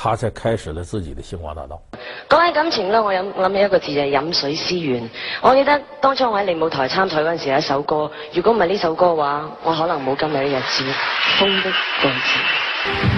他才開始了自己的星光大道。講起感情咧，我諗諗起一個字就係、是、飲水思源。我記得當初我喺利舞台參賽嗰陣時候，有一首歌，如果唔係呢首歌嘅話，我可能冇今日嘅日子。風的季節。